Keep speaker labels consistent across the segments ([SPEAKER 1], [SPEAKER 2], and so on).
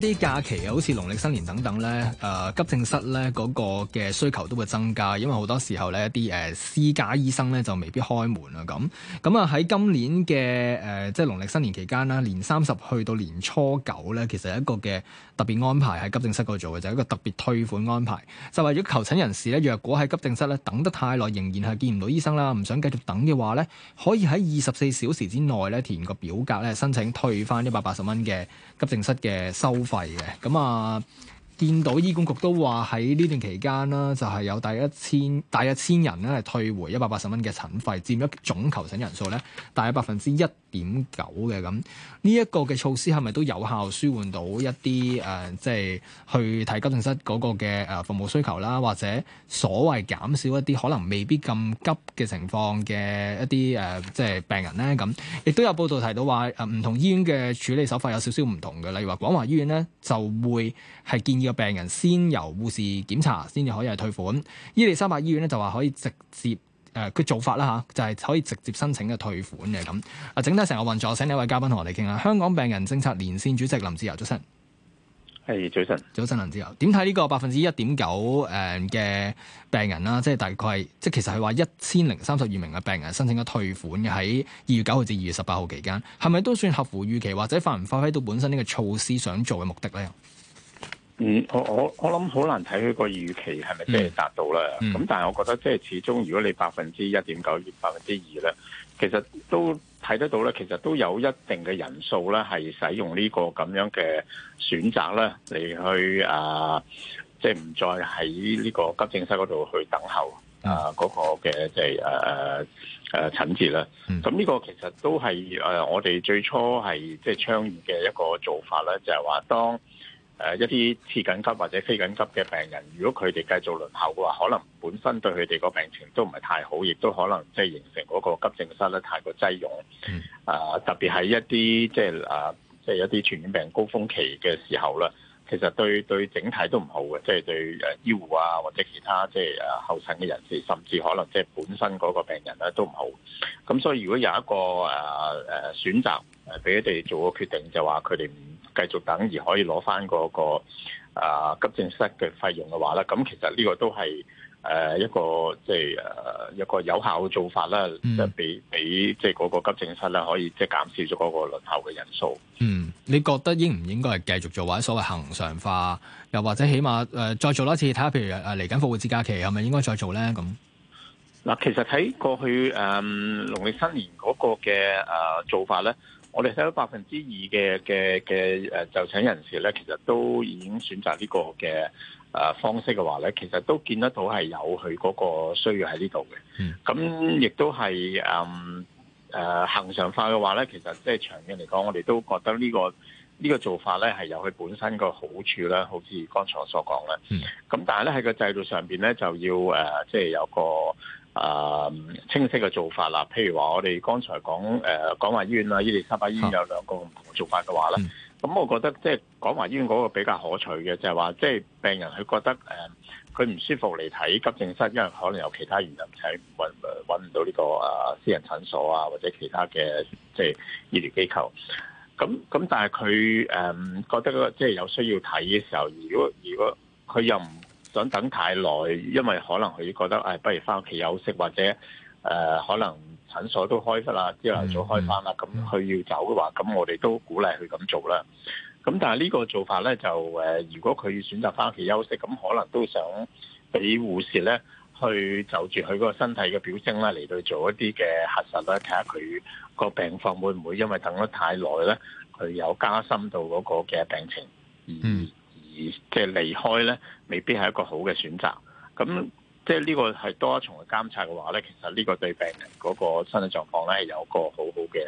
[SPEAKER 1] 啲假期啊，好似農曆新年等等咧，誒、呃，急症室咧嗰個嘅需求都會增加，因為好多時候咧，啲誒、呃、私家醫生咧就未必開門啊，咁咁啊喺今年嘅誒、呃、即係農曆新年期間啦，年三十去到年初九咧，其實一個嘅特別安排喺急症室嗰度做嘅就係、是、一個特別退款安排，就為、是、咗求診人士咧，若果喺急症室咧等得太耐，仍然係見唔到醫生啦，唔想繼續等嘅話咧，可以喺二十四小時之內咧填個表格咧申請退翻，一百八十蚊嘅急症室嘅收費。廢嘅咁啊！見到醫管局都話喺呢段期間啦，就係、是、有大約一千大約一千人咧係退回一百八十蚊嘅診費，佔咗總求診人數咧大約百分之一點九嘅，咁。呢一、這個嘅措施係咪都有效舒緩到一啲誒、呃、即係去睇急症室嗰個嘅誒服務需求啦，或者所謂減少一啲可能未必咁急嘅情況嘅一啲誒、呃、即係病人咧咁。亦都有報道提到話誒唔同醫院嘅處理手法有少少唔同嘅，例如話廣華醫院咧就會係建議。病人先由護士檢查，先至可以係退款。伊利沙伯醫院咧就話可以直接誒，佢、呃、做法啦吓、啊，就係、是、可以直接申請嘅退款嘅咁。啊，整體成個運作，請另一位嘉賓同我哋傾下。香港病人政策連線主席林志釉早晨，係早晨，早晨林志釉。點睇呢個百分之一點九誒嘅病人啦？即、啊、係、就是、大概，即、就是、其實係話一千零三十二名嘅病人申請咗退款嘅，喺二月九號至二月十八號期間，係咪都算合乎預期，或者發唔發揮到本身呢個措施想做嘅目的咧？
[SPEAKER 2] 嗯，我我我諗好難睇佢個預期係咪即係達到啦？咁、嗯、但係我覺得即係始終如果你百分之一點九至百分之二咧，其實都睇得到咧，其實都有一定嘅人數咧係使用呢個咁樣嘅選擇咧嚟去啊，即係唔再喺呢個急症室嗰度去等候啊嗰、呃嗯、個嘅即係誒誒誒診治咧。咁呢、嗯、個其實都係誒、呃、我哋最初係即係倡議嘅一個做法咧，就係、是、話當。誒一啲次緊急或者非緊急嘅病人，如果佢哋繼續輪候嘅話，可能本身對佢哋個病情都唔係太好，亦都可能即係形成嗰個急症室咧太過擠擁。Mm. 啊，特別係一啲即係啊，即係一啲傳染病高峰期嘅時候啦。其實對對整體都唔好嘅，即係對誒醫護啊，或者其他即係誒後勤嘅人士，甚至可能即係本身嗰個病人咧都唔好。咁所以如果有一個誒誒、啊、選擇俾佢哋做個決定，就話佢哋唔繼續等而可以攞翻嗰個、啊、急症室嘅費用嘅話咧，咁其實呢個都係。誒、呃、一個即係誒一個有效嘅做法啦，即係俾俾即係嗰個急症室啦，可以即係減少咗嗰個輪候嘅人數。嗯，
[SPEAKER 1] 你覺得應唔應該係繼續做或者所謂恒常化，又或者起碼誒、呃、再做多次睇下，譬如誒嚟緊復活節假期係咪應該再做咧？咁
[SPEAKER 2] 嗱，其實睇過去誒、嗯、農曆新年嗰個嘅誒、呃、做法咧。我哋睇到百分之二嘅嘅嘅誒就診人士咧，其實都已經選擇呢個嘅誒、呃、方式嘅話咧，其實都見得到係有佢嗰個需要喺呢度嘅。咁亦都係誒誒恆常化嘅話咧，其實即係長遠嚟講，我哋都覺得呢、呢個呢、呢個做法咧係有佢本身個好處啦。好似剛才我所講啦，咁、嗯、但係咧喺個制度上邊咧就要誒、呃，即係有個。啊、嗯，清晰嘅做法啦，譬如話我哋剛才講誒、呃，廣華醫院啦，伊利沙伯醫院有兩個唔同做法嘅話咧，咁我覺得即係廣華醫院嗰個比較可取嘅就係話，即係病人佢覺得誒，佢、呃、唔舒服嚟睇急症室，因為可能有其他原因，就搵搵唔到呢、這個啊、呃、私人診所啊或者其他嘅即係醫療機構，咁、嗯、咁但係佢誒覺得、呃、即係有需要睇嘅時候，如果如果佢又唔想等太耐，因為可能佢覺得誒、哎，不如翻屋企休息，或者誒、呃，可能診所都開翻啦，朝頭早開翻啦，咁佢、mm hmm. 嗯、要走嘅話，咁我哋都鼓勵佢咁做啦。咁但係呢個做法咧，就誒、呃，如果佢選擇翻屋企休息，咁可能都想俾護士咧去就住佢嗰個身體嘅表徵啦，嚟到做一啲嘅核實啦，睇下佢個病況會唔會因為等得太耐咧，佢有加深到嗰個嘅病情。嗯、mm。Hmm. 而即係離開咧，未必係一個好嘅選擇。咁即係呢個係多一重嘅監察嘅話咧，其實呢個對病人嗰個身體狀況咧有個好好嘅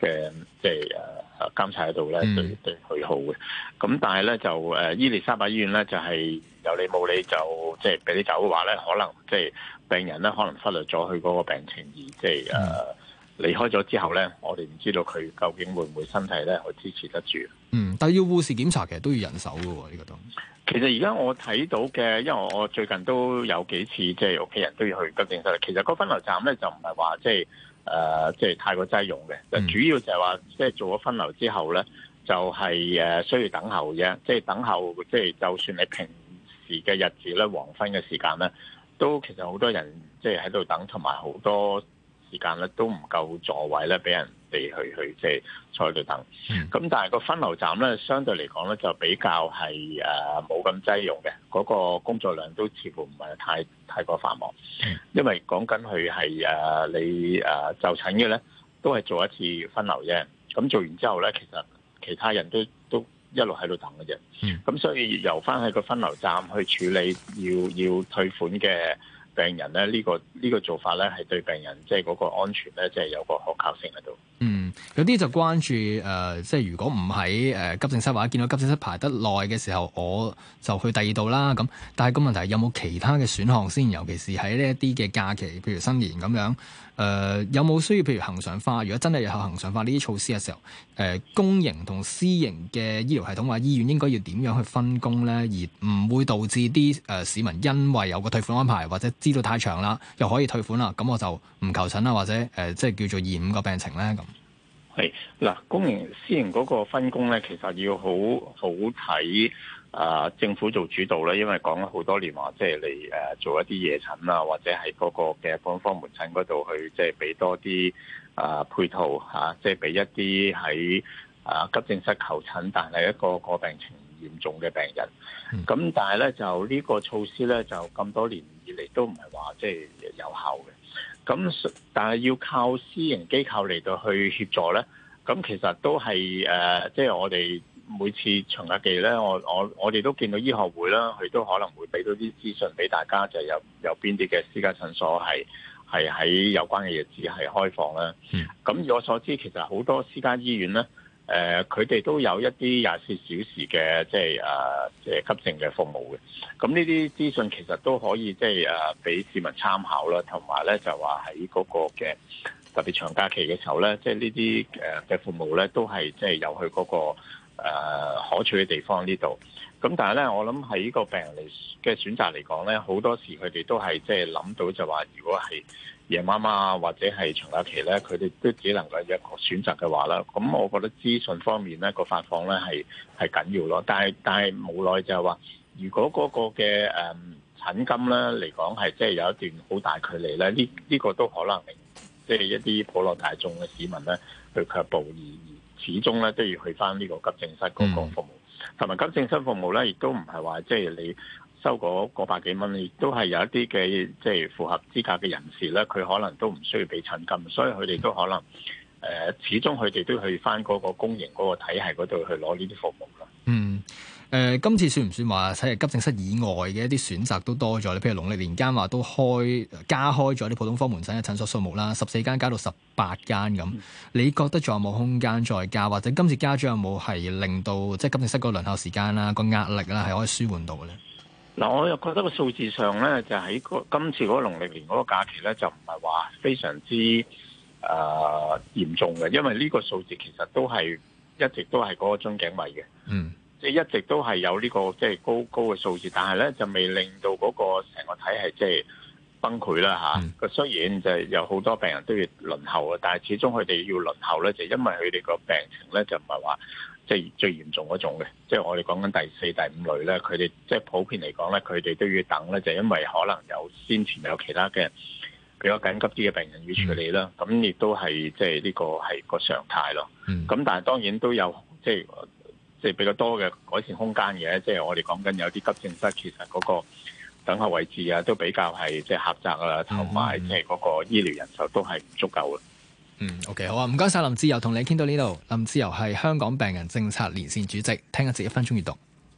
[SPEAKER 2] 嘅即係誒誒監察喺度咧，對對佢好嘅。咁但係咧就誒伊利沙伯醫院咧就係、是、由你冇你就即係俾你走嘅話咧，可能即係病人咧可能忽略咗佢嗰個病情而即係誒。呃離開咗之後咧，我哋唔知道佢究竟會唔會身體咧，去支持得住？嗯，
[SPEAKER 1] 但係要護士檢查其實都要人手嘅喎，呢個都。
[SPEAKER 2] 其實而家我睇到嘅，因為我最近都有幾次即係屋企人都要去急症室，其實個分流站咧就唔係話即係誒、呃、即係太過擠擁嘅，嗯、主要就係話即係做咗分流之後咧，就係、是、誒需要等候啫。即係等候，即係就算你平時嘅日子咧，黃昏嘅時間咧，都其實好多人即係喺度等，同埋好多。時間咧都唔夠座位咧，俾人哋去去即係坐喺度等。咁、mm. 但係個分流站咧，相對嚟講咧就比較係誒冇咁擠擁嘅，嗰、呃嗰個工作量都似乎唔係太太過繁忙。因為講緊佢係誒你誒、呃、就診嘅咧，都係做一次分流啫。咁做完之後咧，其實其他人都都一路喺度等嘅啫。咁、mm. 嗯、所以由翻喺個分流站去處理要要、要退款嘅。病人咧呢個呢個做法咧係對病人即係嗰個安全咧即係有個可靠性喺度。嗯。
[SPEAKER 1] 有啲就關注誒、呃，即係如果唔喺誒急症室或者見到急症室排得耐嘅時候，我就去第二度啦。咁，但係個問題有冇其他嘅選項先？尤其是喺呢一啲嘅假期，譬如新年咁樣誒、呃，有冇需要譬如恒常化？如果真係有恒常化呢啲措施嘅時候，誒、呃、公營同私營嘅醫療系統或醫院應該要點樣去分工咧？而唔會導致啲誒、呃、市民因為有個退款安排或者知道太長啦，又可以退款啦，咁我就唔求診啦，或者誒、呃、即係叫做二五個病情咧咁。係
[SPEAKER 2] 嗱，公營私營嗰個分工咧，其實要好好睇啊，政府做主導啦，因為講咗好多年話，即係你誒做一啲夜診啊，或者係嗰個嘅官方門診嗰度去，即係俾多啲、呃、啊配套嚇，即係俾一啲喺啊急症室求診，但係一個個病情嚴重嘅病人。咁、嗯、但係咧，就呢個措施咧，就咁多年以嚟都唔係話即係有效嘅。咁但係要靠私營機構嚟到去協助咧，咁其實都係誒，即、呃、係、就是、我哋每次巡下地咧，我我我哋都見到醫學會啦，佢都可能會俾到啲資訊俾大家，就是、有有邊啲嘅私家診所係係喺有關嘅日子係開放啦。咁以、mm. 我所知，其實好多私家醫院咧。誒，佢哋、呃、都有一啲廿四小時嘅即係誒誒急症嘅服務嘅，咁呢啲資訊其實都可以即係誒俾市民參考啦，同埋咧就話喺嗰個嘅特別長假期嘅時候咧，即係呢啲誒嘅服務咧都係即係有佢嗰、嗰個、啊可取嘅地方呢度，咁但係咧，我諗喺呢個病人嚟嘅選擇嚟講咧，好多時佢哋都係即係諗到就話，如果係夜媽媽啊或者係長假期咧，佢哋都只能夠有一個選擇嘅話啦。咁我覺得資訊方面咧個發放咧係係緊要咯。但係但係無奈就係話，如果嗰個嘅誒診金咧嚟講係即係有一段好大距離咧，呢呢、這個都可能令即係一啲普羅大眾嘅市民咧去卻步。始終咧都要去返呢個急症室嗰個服務，同埋、嗯、急症室服務咧，亦都唔係話即係你收嗰百幾蚊，亦都係有一啲嘅即係符合資格嘅人士咧，佢可能都唔需要俾診金，所以佢哋都可能誒、呃，始終佢哋都去返嗰個公營嗰個體系嗰度去攞呢啲服務啦。
[SPEAKER 1] 嗯。誒、呃，今次算唔算話喺急症室以外嘅一啲選擇都多咗咧？譬如農曆年間話都開加開咗啲普通科門診嘅診所數目啦，十四間加到十八間咁。嗯、你覺得仲有冇空間再加？或者今次加咗有冇係令到即係急症室個輪候時間啦、啊、個壓力啦係可以舒緩到嘅咧？
[SPEAKER 2] 嗱，我又覺得個數字上咧就喺今次嗰個農曆年嗰個假期咧就唔係話非常之誒嚴重嘅，因為呢個數字其實都係一直都係嗰個樽頸位嘅，嗯。即係一直都係有呢、呢個即係高高嘅數字，但係咧就未令到嗰個成個體係即係崩潰啦嚇。佢、啊、雖然就有好多病人都要輪候啊，但係始終佢哋要輪候咧，就因為佢哋個病情咧就唔係話即係最嚴重嗰種嘅。即係我哋講緊第四、第五類咧，佢哋即係普遍嚟講咧，佢哋都要等咧，就因為可能有先前有其他嘅比較緊急啲嘅病人要處理啦。咁亦、嗯、都係即係呢個係個常態咯。咁、嗯、但係當然都有即係。即係比較多嘅改善空間嘅，即、就、係、是、我哋講緊有啲急症室，其實嗰個等候位置啊，都比較係即係狹窄㗎喇，同埋即係嗰個醫療人手都係唔足夠啊。嗯
[SPEAKER 1] ，OK，好啊，唔該晒，林志釉，同你傾到呢度。林志釉係香港病人政策連線主席，聽日節一分鐘閱讀。